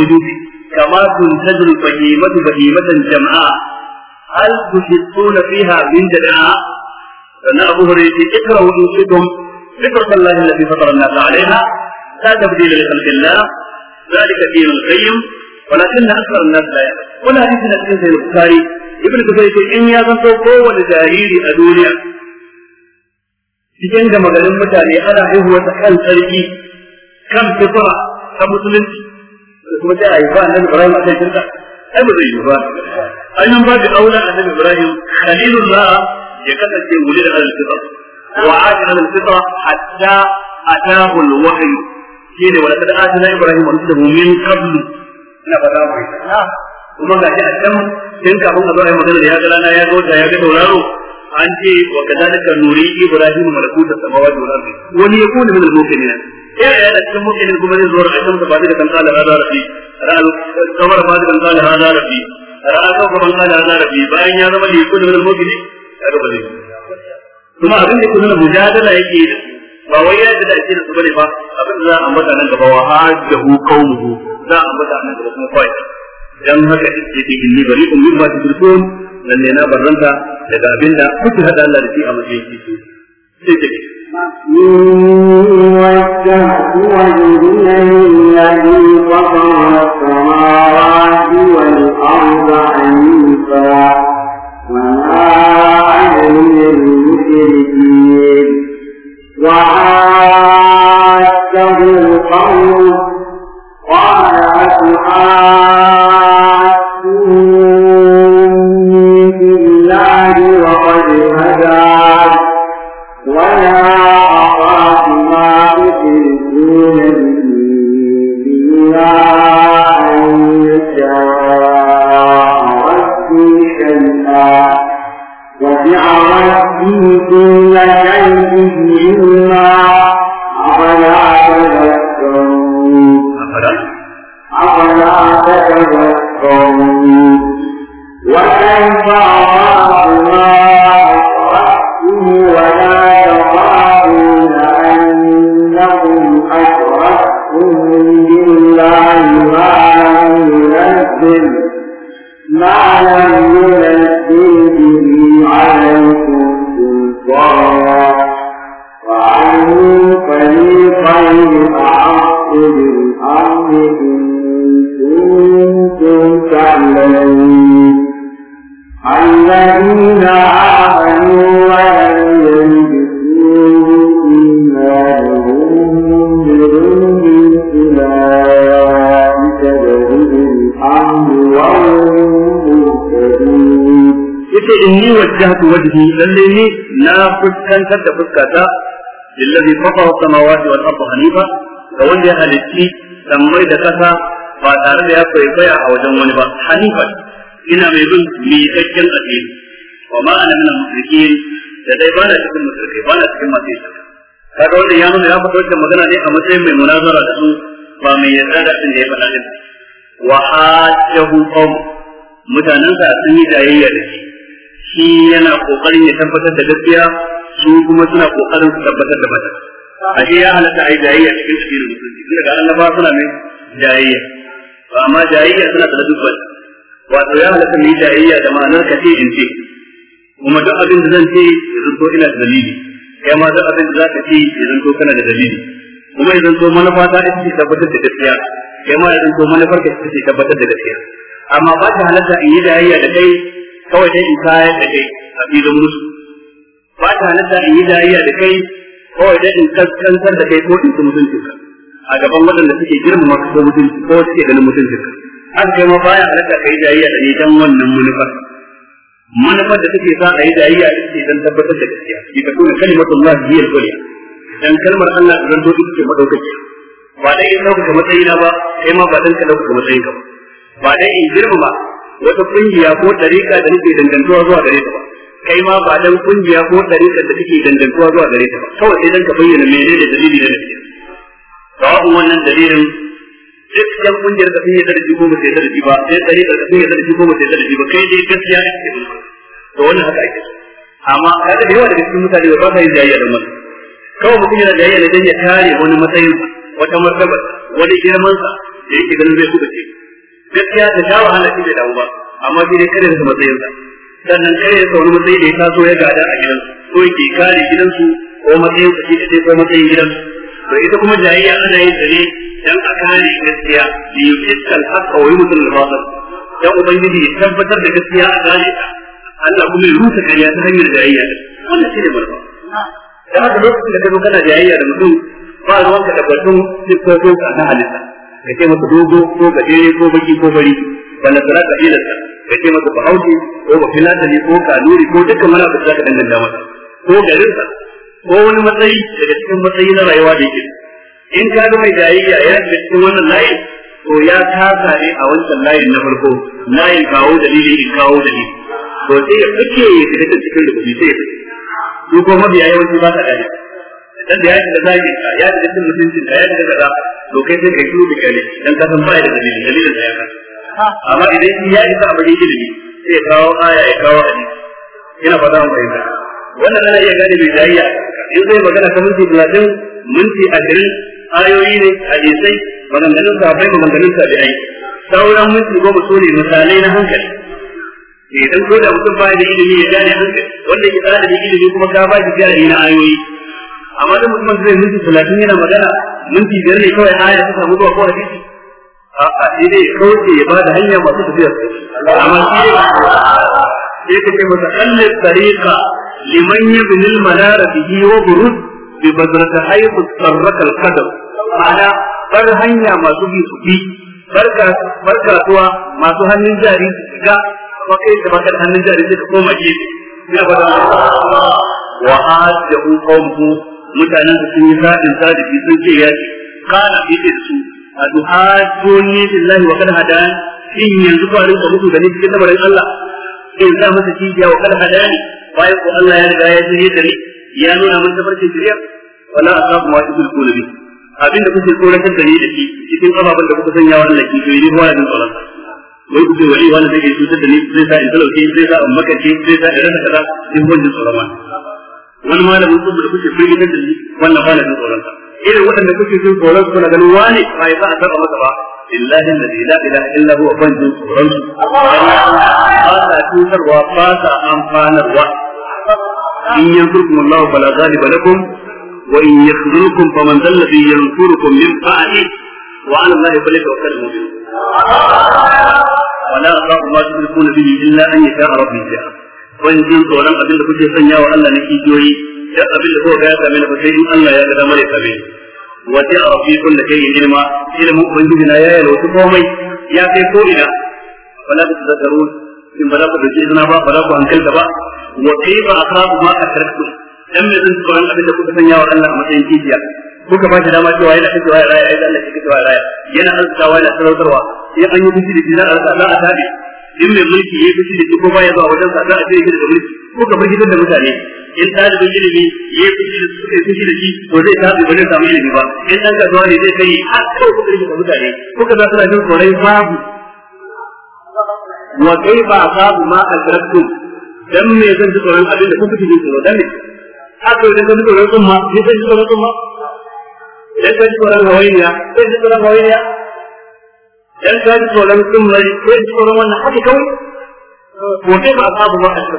kama sun tajru fahimatu fahimatan jama'a hal tushituna fiha min jama'a sannan abu hore ce ikra wudu shikum فطرة الله التي فطر الناس عليها لا تبديل لخلق الله ذلك دين القيم ولكن أكثر الناس لا يعلم ولا حديث نفسه البخاري ابن كثير ya يا زنتو قوة a duniya. cikin gama garin mutane ana haihuwa ta kan sarki kan fitra ta musulunci da kuma ta a yi annabi Ibrahim a kai shirka ai ba zai yi ba an yi ba da aula annabi Ibrahim khalilullah ya kasance wuri da alal fitra wa ajin alal fitra hatta atahu al-wahy shi ne wala kada ajin Ibrahim an da min qablu na fada mai kuma ga shi a can in kafin a zo a yi magana da ya ga rana ya ga wata ya ga tauraro an ce wa kadalika nuri ibrahim malakut as-samawati wal ardi wa li yakuna min al-muqinin eh ya da cikin muqinin kuma ne da aikin da ba da kan kala hada rabbi ra'al kawar ba da kan kala hada rabbi ra'a kan ban kala hada rabbi bayan ya zama li yakuna min al-muqinin ya ga zai kuma abin da kuma mujadala yake da ba wai ya da shi da su bane ba abin da za a ambata nan gaba wa hajjahu qaumuhu za a ambata nan gaba kuma kai dan haka yake ummi ba ta turkon lalle na barranta daga abinda kuke hada Allah da shi a matsayin kishi sai take وعاده قومه وقد هدى lallai ni na fuskantar da fuskata lillazi fatara samawati wal ardi hanifa ga wanda ya halitti sammai da kasa ba tare da ya kwaikwaya a wajen wani ba hanifa ina mai bin miƙaƙƙen addini wa ma ana min mushrikin da dai bana cikin mushrikai bana cikin masu ta kaga wannan ya nuna ya fito da magana ne a matsayin mai munazara da su ba mai yarda da abin da ya faɗa din wa hajjahu qawm mutanansa sun yi jayayya da shi shi yana kokarin ya tabbatar da gaskiya su kuma suna kokarin su tabbatar da bata ashe ya halatta a yi jayayya cikin cikin musulunci tun daga lafa suna mai jayayya ba amma jayayya suna da duk wato ya halatta mai jayayya da ma'anar ka ce in ce kuma duk abin da zan ce ya zanto ina da dalili kai ma duk abin da za ka ce ya zanto kana da dalili kuma ya zanto manufa ta ita ce tabbatar da gaskiya kai ma ya zanto manufar ka ita ce tabbatar da gaskiya amma ba ta halatta in yi jayayya da kai kawai sai in kaya da kai a filin musu ba ta halatta in yi dariya da kai kawai sai in kaskantar da kai ko in ci mutuncin ka a gaban waɗanda suke girmama ko mutunci ko suke ganin mutuncin ka an kai ma baya halatta kai jayayya da ni dan wannan manufar manufar da suke sa a yi jayayya ita ce dan tabbatar da gaskiya ita kuma kalimatullahi hiya al-ulya dan kalmar Allah zan zo ita ce madaukakiya ba dai in dauka matsayina ba kai ma ba dan ka dauka matsayinka ba ba dai in girmama wata kungiya ko dariƙa da nake dangantuwa zuwa gare ta ba kai ma ba dan kungiya ko dariƙa da kake dangantuwa zuwa gare ta ba kawai sai ka bayyana menene dalili da nake sawa'un wannan dalilin duk yan kungiyar da sun da shi ko ba sai shi ba sai dariƙa da sun da shi ko ba sai shi ba kai dai gaskiya ne kake to wannan haka ake amma kaga da yawa daga cikin mutane ba sa yin jayayya da mutum kawai mutum yana jayayya ne dan ya kare wani matsayin wata martaba wani girman sa da yake ganin zai kuɓuce gaskiya da ta wahala shi bai dawo ba amma shi dai kare su matsayin sa sannan kare ya wani matsayi da ya taso ya gada a gidan ko yake kare su, ko matsayin sa shi kadai ko matsayin su, to ita kuma jayayya ana yin ta ne dan a kare gaskiya li yufikkal haqqa wa yumtul batil dan ubangiji ya tabbatar da gaskiya a gane ta Allah kuma ya rusa kariya ta hanyar jayayya wannan shine barba da haka lokacin da kai zo kana jayayya da mutum ba ruwanka da batun cikin ka na halitta ka ce masa dogo ko gajere ko baki ko bari balla tara kabilarsa ka ce masa bahaushe ko ne ko kanuri ko dukkan mana ba da ka danganta masa ko garinsa ko wani matsayi daga cikin matsayi na rayuwa da yake in ka ga mai jayayya ya da cikin wannan layin to ya kasa ne a wancan layin na farko layin kawo dalili in kawo dalili to sai ya fice ya shiga cikin rubuci sai ya fice su ko mabiya yawanci ba sa gane dan da ya shiga zaki, ka ya shiga cin mutuncin ka ya shiga kaza to kai sai kai shiru da kare dan ka san ba da dalili dalilin da ya ka amma idan shi ya isa abin ilimi sai kawo aya ya kawo hadisi ina fata mun fahimta wannan ana iya gane mai jayya in zai magana ta minti talatin minti ashirin ayoyi ne a hadisai maganganun sahabbai maganganun tabi'ai sauran minti goma su ne misalai na hankali idan ko da mutum ba da ilimi ya gane hankali wanda ke tsara da ilimi kuma ka ba shi jari na ayoyi amma da mutum zai minti talatin yana magana minti biyar ne kawai aya ta samu zuwa ko hadisi a'a sai dai kauce ya bada hanya masu tafiya amma ne sai ka ce masa kallar tariqa liman yabni al-manara bihi wa burud bi badrata haythu tarraka al-qadam ma'ana bar hanya masu bi su bi barka barkatuwa masu hannun jari su shiga kuma kai da bakar hannun jari sai ka koma gefe ina fata wa hajjahu qawmuhu mutanen da sun yi sa'in sadiki sun ce ya ce kana yake da su a duhajjoni billahi wa kana hadan in yanzu ba rinka mutu da ni cikin lamarin Allah in sa masa ya wa kana hadani bayan ko Allah ya riga ya ji ne ni ya nuna mun tafarkin shirya wala asabu ma ibul kulabi abinda kuke tsoratar da ni da shi cikin ababen da kuka sanya wa Allah ki to ni ba rin Allah wai kuke wani wani zai cutar da ni zai sa in talauke zai sa in makace zai sa in rasa kaza in ban tsoron wani malamin sun da kuke bai gidan dalili wannan malamin tsoron ka irin waɗanda kuke jin tsoron su kuna ganin wani ba ya sa a masa ba lillahi alladhi la ilaha illa huwa ban tsoron su ba sa cutarwa ba sa amfanarwa in yansurkum Allah fala ghaliba lakum wa in yakhzulkum faman dhal ladhi min ba'di wa 'ala Allah falyatawakkalul mu'minun ولا أخاف ما تشركون به إلا أن يشاء ربي شيئا ban jin tsoron abin da kuke sanya wa Allah na kijiyoyi duk abin da kuka ga ya same ni ba sai in Allah ya ga damar ya wace a wa kun da kullu yi ilma ilmin ubangiji na ya wasu komai ya kai ko ina wala da zakarun in ba za ku dace suna ba ba za ku hankalta ba wa a akrabu ma akraktu dan me zan tsoron abin da kuka sanya wa Allah a matsayin kijiya kuka ba shi dama cewa yana kike wa raya ai Allah kike wa raya yana alzawa yana sarautarwa sai an yi biki da za a za a tabi in mai mulki ya fice da kuma baya zuwa wajen sa za a ce shi daga mulki ko kamar gidan da mutane in ɗalibin ilimi ya fice da suka da shi ko zai tafi ba zai samu ilimi ba in ɗan kasuwa ne zai kai har kawai kuka rike da mutane kuka za su na jin tsoron babu wa kai ba a babu ma a albaraktum dan me zan ji tsoron abin da kun fice da tsoro dan ne haka idan ka ji tsoron kuma ne zan ji tsoron kuma idan ka ji tsoron hawainiya zan ji tsoron hawainiya dan ka ji tsoron sun mai kai tsoron wannan haka kawai ko sai ba asabu ba ashirku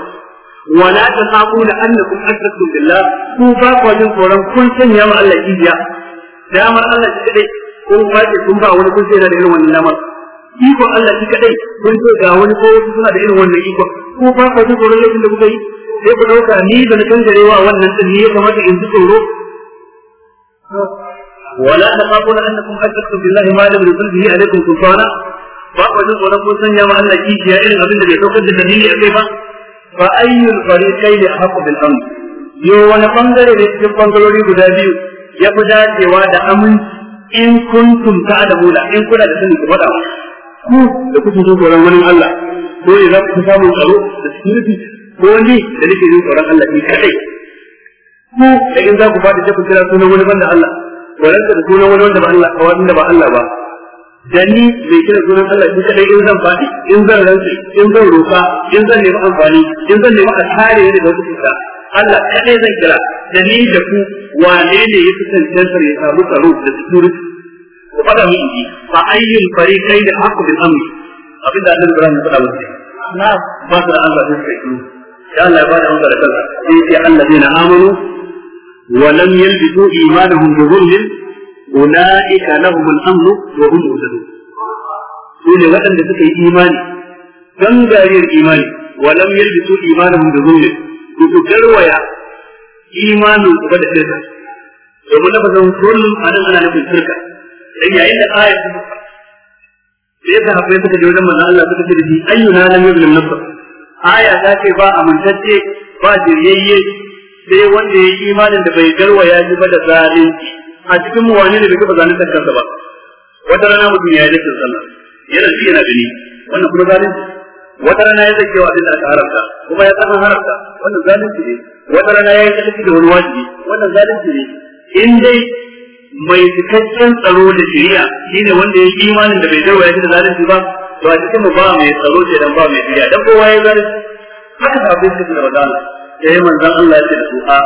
wala ta sabu da annakum ashirku billah ku ba ku jin tsoron kun sanya ma Allah ijiya damar Allah shi kadai kun ba ki kun ba wani kun sai da irin wannan damar iko Allah shi kadai kun ce ga wani ko suna da irin wannan iko ku ba ku jin tsoron lokacin da kuka yi sai ku dauka ni da na kangarewa wannan din ne ya kamata in ji tsoro ولا تخافون انكم اشركتم بالله ما لم يكن به عليكم سلطانا ba ku jin tsoron kun sanya ma Allah kishiya irin abinda bai saukar da a kai ba fa ayyul fariqayn ahqqu bil amn yo wani bangare da cikin bangarori guda biyu ya fi dacewa da aminci in kuntum ta'lamuna in kuna da sani ku faɗa ku da kuke tsoron wani Allah ko ne za ku samu tsaro da security ko ne da nake yin tsoron Allah ne kai. ku da in za ku faɗi ku kira sunan wani banda Allah ko ranta da sunan wani wanda ba Allah wanda ba Allah ba dani bai kira sunan Allah shi kadai in zan faɗi in zan rantsi in zan roƙa in zan nemi amfani in zan nemi a kare ni daga hukunta Allah kadai zan kira da ni da ku wane ne ya fi cancantar ya samu tsaro da security ku faɗa min ji fa ayyul kai da haqqu bil amri abinda Allah Ibrahim ya faɗa masa na ba da Allah sai ya Allah ya bada amsa da kansa sai ya Allah ne na amanu ولم يلبسوا إيمانهم بظلم أولئك لهم الأمن وهم مهتدون سنة وأن تكي إيماني كم غير إيماني ولم يلبسوا إيمانهم بظلم تتكرويا إيمان قد شركا domin na fasan kullum a nan ana nufin shirka dan yayin da ayat ta fuska sai ta hafe suka je wajen manzon Allah suka ce da shi ayyuna lam yuzlim aya ta ba amintacce ba jiriyayye sai wanda ya yi imanin da bai ya ji ba da zalunci a cikin mu wani ne bai kafa zalunci kansa ba wata rana mutum ya yi da sallah yana ji yana gani wannan kuma zalunci wata rana ya zake wa abin da aka haramta kuma ya san haramta wannan zalunci ne wata rana ya yi tsarki da wani wajibi wannan zalunci ne in dai mai cikakken tsaro da shari'a ne wanda ya yi imanin da bai ya ji da zalunci ba to a cikin mu ba mai tsaro ce dan ba mai shari'a dan kowa ya zalunci haka sabbin da wadana sai manzon Allah ya ce da su a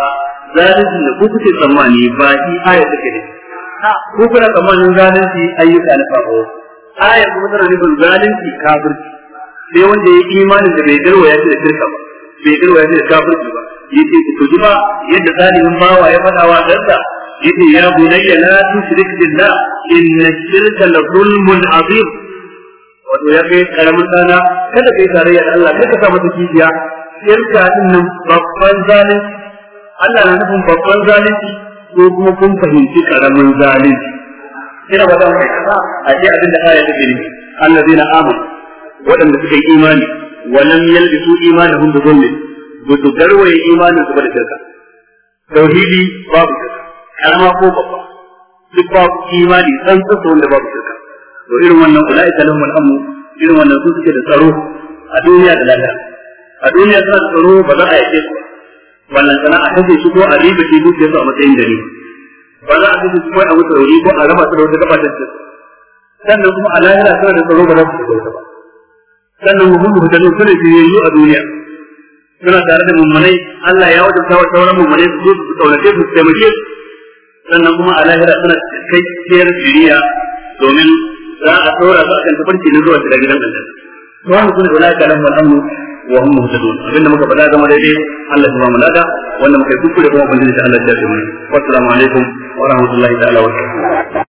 zalunci da ku kuke tsammani ba shi aya take ne ku kuna tsammanin zalunci ayyuka na sabo aya kuma tana nufin zalunci kafirci sai wanda ya yi imanin da bai dirwa ya ce da shirka ba bai dirwa ya ce da kafirci ba yace ku tuji ba yadda zalimin bawa ya faɗa wa ɗansa ce ya bunayya la tushrik billah inna shirka la zulmun azim wato ya kai karamin sana kada kai tarayya da Allah kada ka sa masa kishiya yarka din nan babban zalunci Allah na nufin babban zalunci ko kuma kun fahimci karamin zalunci ina ba zan a ji abin da aya take ne na amanu waɗanda suka yi imani wa lam yalbisu imanahum bi dhulmin ba su garwaye imanin su ba da shirka tauhidi babu shirka karama ko babba duk babu imani san su wanda babu shirka to irin wannan ulaika lahum al-amn irin wannan su suke da tsaro a duniya da lafiya a duniya suna tsaro ba za a yake su wannan sana'a a kashe shi ko a riba shi duk yasa a matsayin gari ba za a kashe shi ko a wuce wuri ko a raba su da wata gaba ta ce sannan kuma a lahira suna da tsaro ba za su shiga ba sannan mun mu hudanu suna biyayyu a duniya suna tare da mummunai Allah ya wajabta wa sauran mummunai su zo su kaunace su taimake su sannan kuma a lahira suna cikakkiyar jiriya domin za a tsora su a akan tafarki na zuwa shiga gidan aljanna. Wannan suna da lafiya lamar amnu wa hum muhtadun abinda muka faɗa game daidai Allah ya ba mu lada wanda muka yi kuskure kuma ubangiji ta Allah ya tafi mu assalamu alaikum wa rahmatullahi ta'ala wa barakatuh